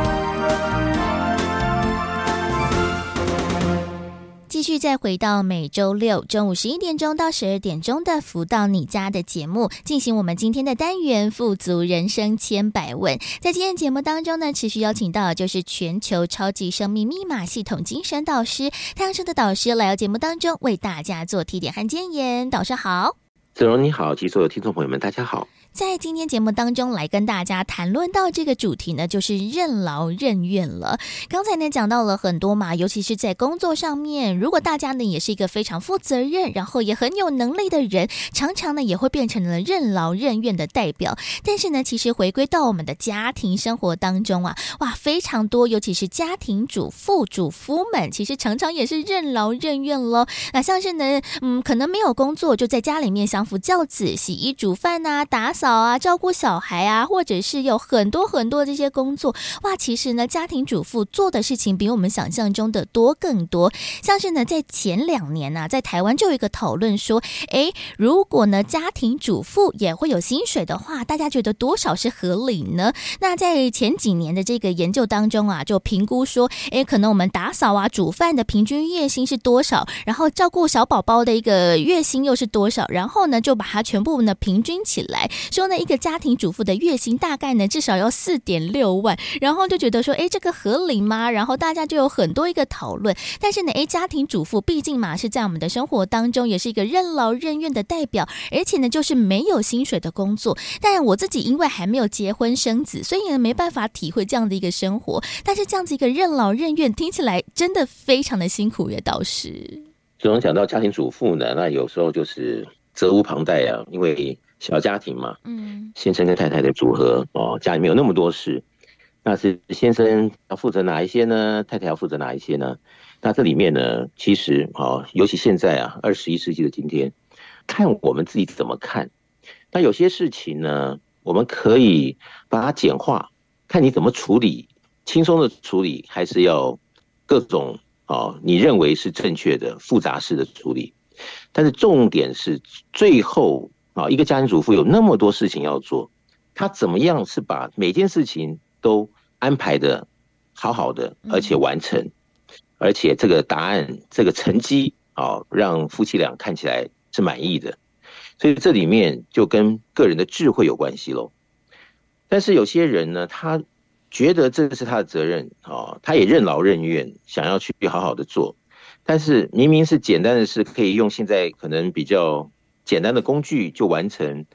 繼續再回到每週六中午十一點鐘到十二點鐘的“福到你家”的節目，進行我們今天的單元“富足人生千百問”。在今天的節目當中呢，持續邀請到的就是全球超級生命密碼系統精神導師、太陽盛德導師來到節目當中，為大家做提點和建言。導師好。子榮你好，及所有聽眾朋友們，大家好。在今天節目當中來跟大家談論到這個主題呢，就是任勞任怨了。剛才呢講到了很多嘛，尤其是在工作上面，如果大家呢也是一個非常負責任，然後也很有能力的人，常常呢也會變成了任勞任怨的代表。但是呢，其實回歸到我們的家庭生活當中啊，哇，非常多，尤其是家庭主婦、主夫們，其實常常也是任勞任怨嘍。那、啊、像是呢，嗯，可能沒有工作，就在家裡面相夫教子、洗衣煮飯啊，打掃。掃啊，照顧小孩啊，或者是有很多很多這些工作哇。其實呢，家庭主婦做的事情比我們想象中的多更多。像是呢，在前兩年呢、啊，在台灣就有一個討論說，哎，如果呢家庭主婦也會有薪水的話，大家覺得多少是合理呢？那在前幾年的這個研究當中啊，就評估說，哎，可能我們打掃啊、煮飯的平均月薪是多少，然後照顧小寶寶的一個月薪又是多少，然後呢，就把它全部呢平均起來。說呢，一個家庭主婦的月薪大概呢，至少要四點六萬，然後就覺得說，哎，這個合理嗎？然後大家就有很多一個討論。但是，呢，哎，家庭主婦，畢竟嘛，是在我們的生活當中，也是一個任勞任怨的代表，而且呢，就是沒有薪水的工作。但我自己因為還沒有結婚生子，所以呢，沒辦法體會這樣的一個生活。但是，這樣子一個任勞任怨，聽起來真的非常的辛苦也，也倒是。只能講到家庭主婦呢，那有時候就是責無旁貸啊，因為。小家庭嘛，嗯，先生跟太太的組合哦，家裡面有那麼多事，那是先生要負責哪一些呢？太太要負責哪一些呢？那這裡面呢，其實哦，尤其現在啊，二十一世紀的今天，看我們自己怎麼看。那有些事情呢，我們可以把它簡化，看你怎麼處理，輕鬆的處理，還是要各種哦，你認為是正確的、複雜式的處理。但是重點是最後。啊，一個家庭主婦有那麼多事情要做，她怎麼樣是把每件事情都安排得好好的，而且完成，嗯、而且這個答案，這個成績，好、哦、讓夫妻倆看起來是滿意的，所以這裡面就跟個人的智慧有關係嘍。但是有些人呢，他覺得這是他的責任，啊、哦，他也任勞任怨，想要去好好的做，但是明明是簡單的事，可以用現在可能比較。簡單的工具就完成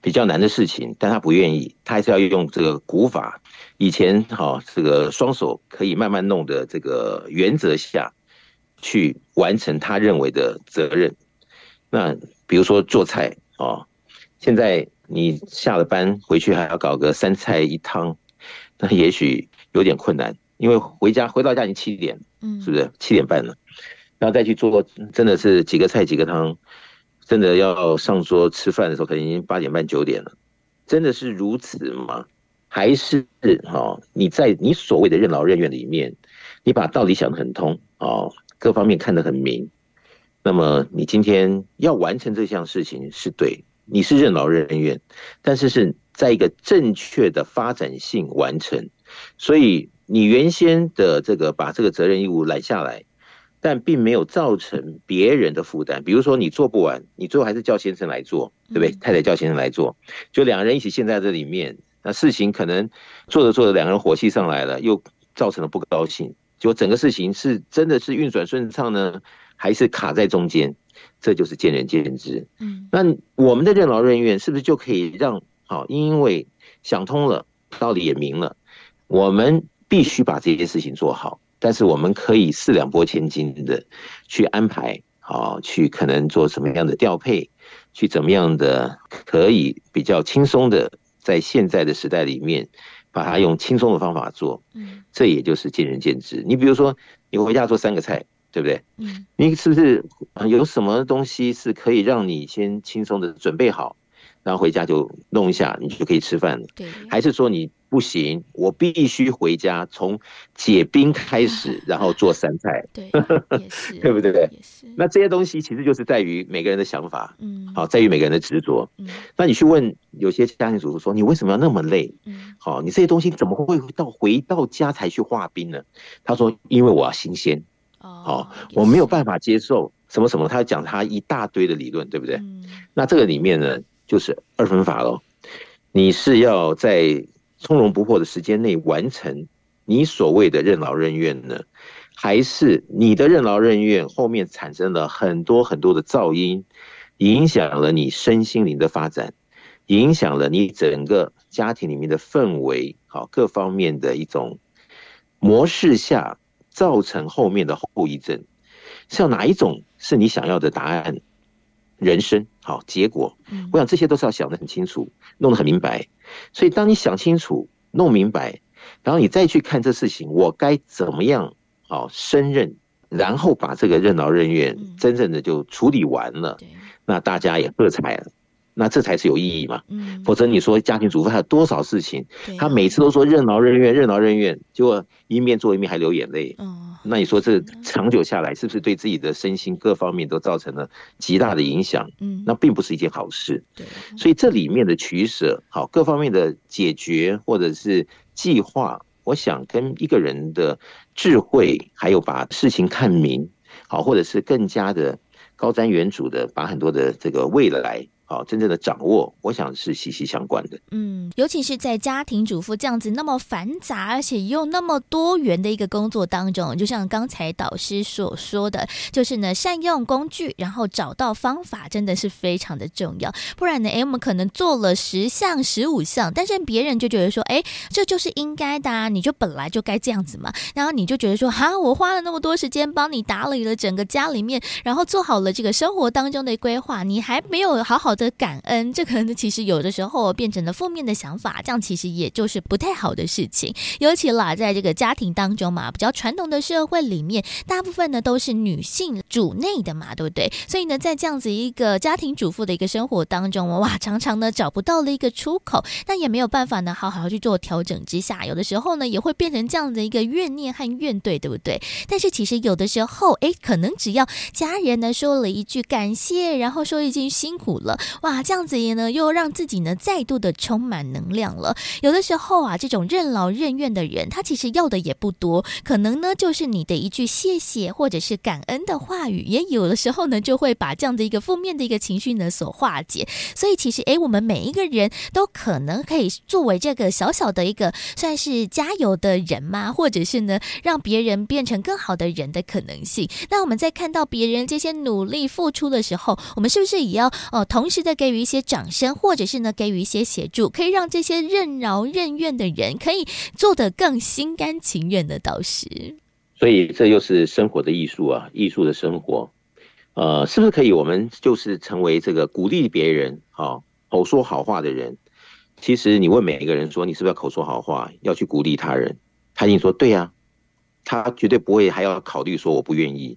比較難的事情，但他不願意，他還是要用這個古法，以前好、哦、這個雙手可以慢慢弄的這個原則下去完成他認為的責任。那比如說做菜啊、哦，現在你下了班回去還要搞個三菜一湯，那也許有點困難，因為回家回到家你七點，嗯，是不是、嗯、七點半了？然後再去做，真的是幾個菜幾個湯。真的要上桌吃飯的時候，可能已經八點半九點了。真的是如此嗎？還是哈、哦，你在你所謂的任勞任怨裡面，你把道理想得很通啊、哦，各方面看得很明。那麼你今天要完成這項事情是對，你是任勞任怨，但是是在一個正確的發展性完成。所以你原先的這個把這個責任義務攬下來。但並沒有造成別人的負擔，比如說你做不完，你最後還是叫先生來做，嗯、對不對？太太叫先生來做，就兩個人一起陷在這裡面，那事情可能做着做着，兩個人火氣上來了，又造成了不高興。就整個事情是真的是運轉順暢呢？還是卡在中間？這就是見仁見智。嗯，那我們的任勞任怨是不是就可以讓好、哦？因為想通了，道理也明了，我們必須把這件事情做好。但是我們可以四兩撥千斤的去安排，好、哦、去可能做什麼樣的調配，去怎麼樣的可以比較輕鬆的在現在的時代裡面把它用輕鬆的方法做，嗯，這也就是見仁見智。你比如說，你回家做三個菜，對不對？嗯，你是不是有什麼東西是可以讓你先輕鬆的準備好？然後回家就弄一下，你就可以吃飯了。對，還是說你不行？我必須回家從解冰開始，然後做山菜。對，也是，對不對？也是。那這些東西其實就是在於每個人的想法，嗯，好，在於每個人的執着。嗯，那你去問有些家庭主婦說：“你為什麼要那麼累？”嗯，好，你這些東西怎麼會到回到家才去化冰呢？他說：“因為我要新鮮。”哦，好，我沒有辦法接受什麼什麼。他講他一大堆的理論，對不對？嗯，那這個裡面呢？就是二分法嘍，你是要在從容不迫的時間內完成你所謂的任勞任怨呢，還是你的任勞任怨後面產生了很多很多的噪音，影響了你身心靈的發展，影響了你整個家庭裡面的氛圍，好，各方面的一種模式下造成後面的後遺症，像哪一種是你想要的答案？人生。好，結果，我想這些都是要想得很清楚，嗯嗯弄得很明白。所以，當你想清楚、弄明白，然後你再去看這事情，我該怎麼樣好、啊、勝任，然後把這個任勞任怨，真正的就處理完了，嗯嗯那大家也喝彩了。對嗯嗯那這才是有意義嘛，嗯，否則你說家庭主婦還有多少事情？嗯，他每次都說任勞任怨，任勞任怨，結果一面做一面還流眼淚，嗯，那你說這長久下來是不是對自己的身心各方面都造成了極大的影響？嗯，那並不是一件好事，對，嗯，所以這裡面的取舍，好，各方面的解決或者是計劃，我想跟一個人的智慧，還有把事情看明，好，或者是更加的高瞻遠矚的把很多的這個未來。好，真正的掌握，我想是息息相關的。嗯，尤其是在家庭主婦這樣子那麼繁雜，而且又那麼多元的一個工作當中，就像剛才導師所說的，就是呢，善用工具，然後找到方法，真的是非常的重要。不然呢，哎、欸，我們可能做了十項、十五項，但是別人就覺得說，哎、欸，這就是應該的啊，你就本來就該這樣子嘛。然後你就覺得說，哈、啊，我花了那麼多時間幫你打理了整個家裡面，然後做好了這個生活當中的規劃，你還沒有好好。的感恩，這可能其實有的時候變成了負面的想法，這樣其實也就是不太好的事情。尤其啦，在這個家庭當中嘛，比較傳統的社會裡面，大部分呢都是女性主內的嘛，對不對？所以呢，在這樣子一個家庭主婦的一個生活當中，哇，常常呢找不到了一個出口，那也沒有辦法呢好好去做調整，之下，有的時候呢也會變成這樣的一個怨念、和怨懟，對不對？但是其實有的時候，哎，可能只要家人呢說了一句感謝，然後說一句辛苦了。哇，這樣子也呢，又讓自己呢再度的充滿能量了。有的時候啊，這種任勞任怨的人，他其實要的也不多，可能呢就是你的一句謝謝或者是感恩的話語。也有的時候呢，就會把這樣的一個負面的一個情緒呢所化解。所以其實誒、欸，我們每一個人都可能可以作為這個小小的一個算是加油的人嘛，或者是呢讓別人變成更好的人的可能性。那我們在看到別人這些努力付出的時候，我們是不是也要哦、呃、同時？是在給予一些掌聲，或者是呢，給予一些協助，可以讓這些任勞任怨的人可以做得更心甘情願的導師。所以這又是生活的藝術啊，藝術的生活。呃，是不是可以？我們就是成為這個鼓勵別人、好、哦、口說好話的人。其實你問每一個人說，你是不是要口說好話，要去鼓勵他人？他已經說對呀、啊，他絕對不會還要考慮說我不願意。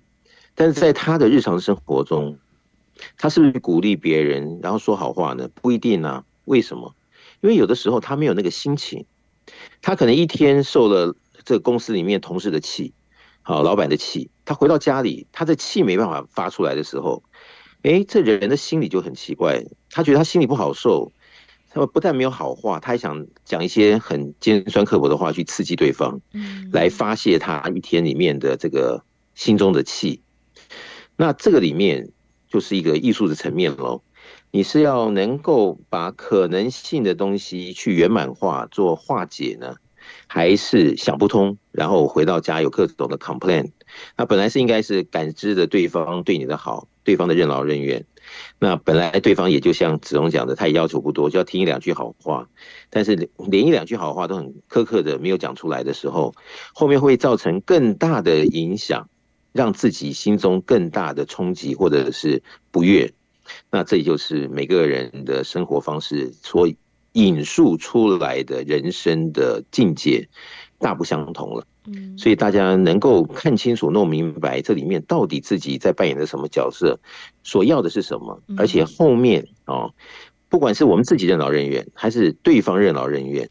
但是在他的日常生活中。他是不是鼓勵別人，然後說好話呢？不一定呢？啊。為什麼？因為有的時候他沒有那個心情，他可能一天受了這個公司裡面同事的氣，好老板的氣，他回到家裡，他的氣沒辦法發出來的時候，哎，這人的心裡就很奇怪，他覺得他心裡不好受，他不但沒有好話，他還想講一些很尖酸刻薄的話去刺激對方，嗯嗯，來發泄他一天裡面的這個心中的氣。那這個裡面。就是一個藝術的層面嘍，你是要能夠把可能性的東西去圓滿化做化解呢，還是想不通，然後回到家有各種的 complain？那本來是應該是感知著對方對你的好，對方的任勞任怨。那本來對方也就像子龍講的，他也要求不多，就要聽一兩句好話。但是連一兩句好話都很苛刻的沒有講出來的時候，後面會造成更大的影響。讓自己心中更大的衝擊，或者是不悅，那這就是每個人的生活方式所引述出來的人生的境界大不相同了。所以大家能夠看清楚、弄明白這裡面到底自己在扮演的什麼角色，所要的是什麼，而且後面哦、啊，不管是我們自己任勞任怨，還是對方任勞任怨，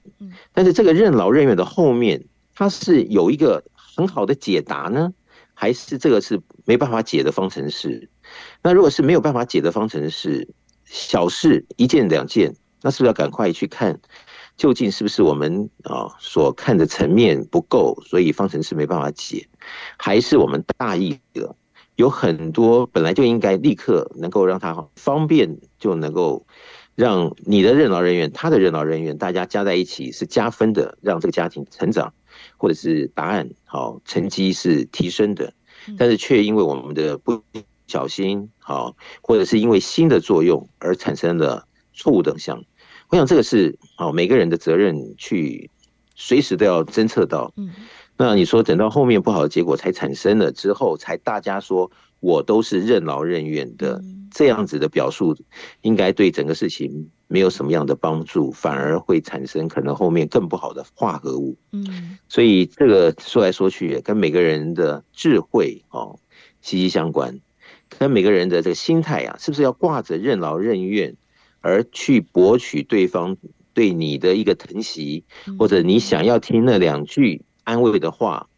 但是這個任勞任怨的後面，它是有一個很好的解答呢？還是這個是沒辦法解的方程式？那如果是沒有辦法解的方程式，小事一件兩件，那是不是要趕快去看，究竟是不是我們啊、哦、所看的層面不夠，所以方程式沒辦法解？還是我們大意了？有很多本來就應該立刻能夠讓他方便，就能夠讓你的任勞任怨、他的任勞任怨，大家加在一起是加分的，讓這個家庭成長。或者是答案好，成績是提升的，但是卻因為我們的不小心好，或者是因為新的作用而產生了錯誤的項。我想這個是好每個人的責任，去隨時都要偵測到。那你說等到後面不好的結果才產生了之後，才大家說我都是任勞任怨的。這樣子的表述，應該對整個事情沒有什麼樣的幫助，反而會產生可能後面更不好的化合物。嗯，所以這個說來說去，跟每個人的智慧哦息息相關，跟每個人的這個心態啊，是不是要掛着任勞任怨，而去博取對方對你的一個疼惜，或者你想要聽那兩句安慰的話，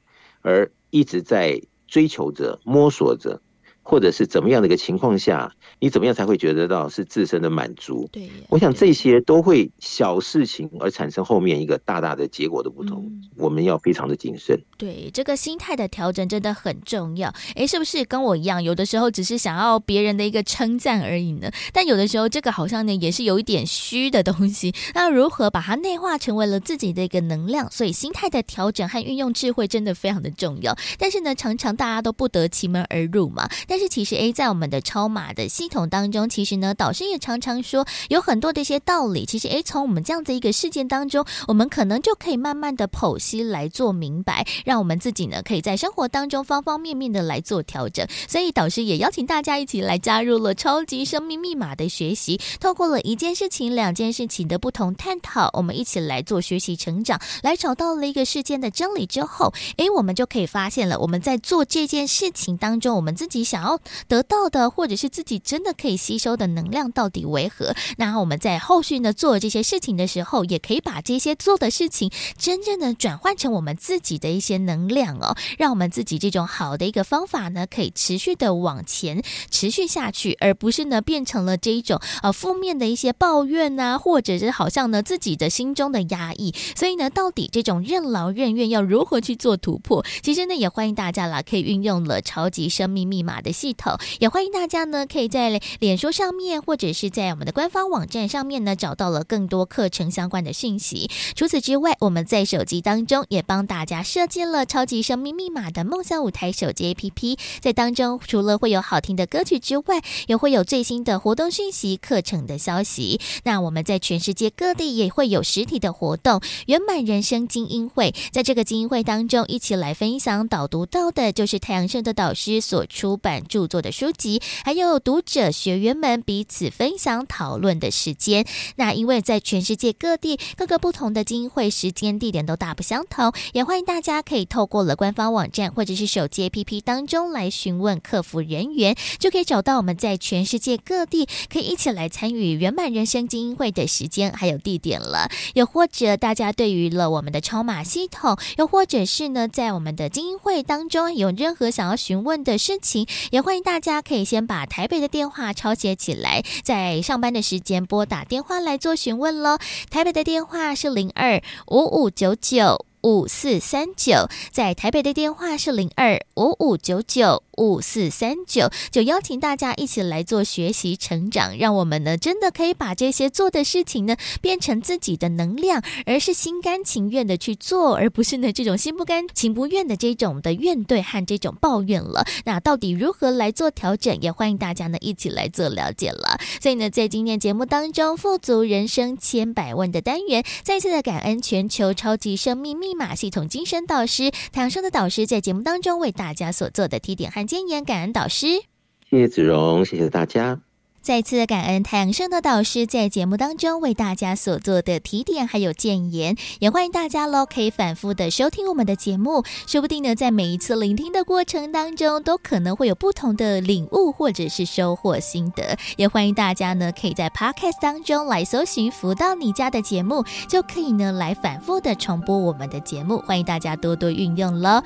嗯、而一直在追求着、摸索着。或者是怎麼樣的一個情況下，你怎麼樣才會覺得到是自身的滿足？對、啊，啊、我想這些都會小事情而產生後面一個大大的結果的不同。嗯、我們要非常的謹慎。對，這個心態的調整真的很重要。哎，是不是跟我一樣，有的時候只是想要別人的一個稱讚而已呢？但有的時候這個好像呢也是有一點虛的東西。那如何把它內化成為了自己的一個能量？所以心態的調整和運用智慧真的非常的重要。但是呢，常常大家都不得其門而入嘛。但但是，其實哎在我們的超馬的系統當中，其實呢，導師也常常說有很多的一些道理。其實哎從我們這樣子一個事件當中，我們可能就可以慢慢的剖析來做明白，讓我們自己呢可以在生活當中方方面面的來做調整。所以導師也邀請大家一起來加入了超級生命密碼的學習，透過了一件事情、兩件事情的不同探討，我們一起來做學習成長，來找到了一個事件的真理之後，哎，我們就可以發現了我們在做這件事情當中，我們自己想要。得到的或者是自己真的可以吸收的能量到底為何？那我們在後續呢做這些事情的時候，也可以把這些做的事情真正的轉換成我們自己的一些能量哦，讓我們自己這種好的一個方法呢，可以持續的往前持續下去，而不是呢變成了這一種呃負面的一些抱怨吶啊，或者是好像呢自己的心中的壓抑。所以呢，到底這種任勞任怨要如何去做突破？其實呢，也歡迎大家啦，可以運用了超級生命密碼的系統，也歡迎大家呢，可以在臉書上面或者是在我們的官方網站上面呢，找到了更多課程相關的訊息。除此之外，我們在手機當中也幫大家設計了超級生命密碼的夢想舞台手機 APP，在當中除了會有好聽的歌曲之外，也會有最新的活動訊息、課程的消息。那我們在全世界各地也會有實體的活動，圓滿人生精英會，在這個精英會當中，一起來分享導讀到的就是太陽盛德導師所出版著作的書籍，還有讀者學員們彼此分享討論的時間。那因為在全世界各地各個不同的精英會時間地點都大不相同，也歡迎大家可以透過了官方網站或者是手機 APP 當中來詢問客服人員，就可以找到我們在全世界各地可以一起來參與圓滿人生精英會的時間還有地點了。又或者大家對於了我們的超碼系統，又或者是呢在我們的精英會當中有任何想要詢問的事情。也歡迎大家可以先把台北的電話抄寫起來，在上班的時間撥打電話來做詢問嘍。台北的電話是零二五五九九五四三九，39，在台北的電話是零二五五九九五四三九，39，就邀請大家一起來做學習成長，讓我們呢真的可以把這些做的事情呢變成自己的能量，而是心甘情願的去做，而不是呢這種心不甘情不願的這種的怨懟、和這種抱怨了。那到底如何來做調整？也歡迎大家呢一起來做了解了。所以呢，在今天節目當中，富足人生千百問的單元，再次的感恩全球超級生命密。密碼系統精神導師，太陽盛德導師在節目當中為大家所做的提點和建言，感恩導師。謝謝子榮，謝謝大家。再次的感恩太陽盛德導師在節目當中為大家所做的提點還有建言，也歡迎大家嘍，可以反覆的收聽我們的節目，說不定呢，在每一次聆聽的過程當中，都可能會有不同的領悟或者是收穫心得。也歡迎大家呢，可以在 Podcast 當中來搜尋“福到你家”的節目，就可以呢來反覆的重播我們的節目，歡迎大家多多運用嘍。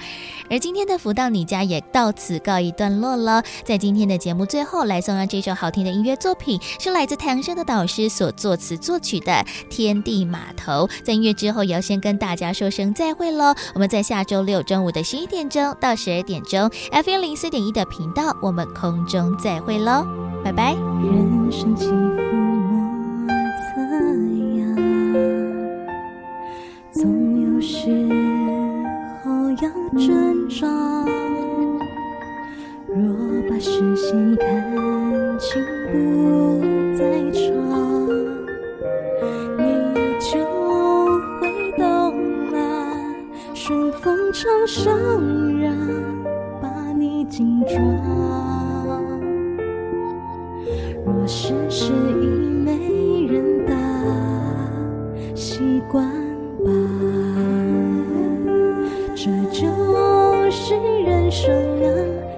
而今天的“福到你家”也到此告一段落了，在今天的節目最後，來送上這首好聽的音。音樂作品是來自太陽盛德導師所作詞作曲的《天地碼頭》。在音樂之後，也要先跟大家說聲再會嘍。我們在下週六中午的十一點鐘到十二點鐘，FM 一零四點一的頻道，我們空中再會嘍，拜拜。人生若把視線看清，不再闖，你就會懂了啊。順風唱，上人把你緊抓。若世事已沒人答，習慣吧，這就是人生啊。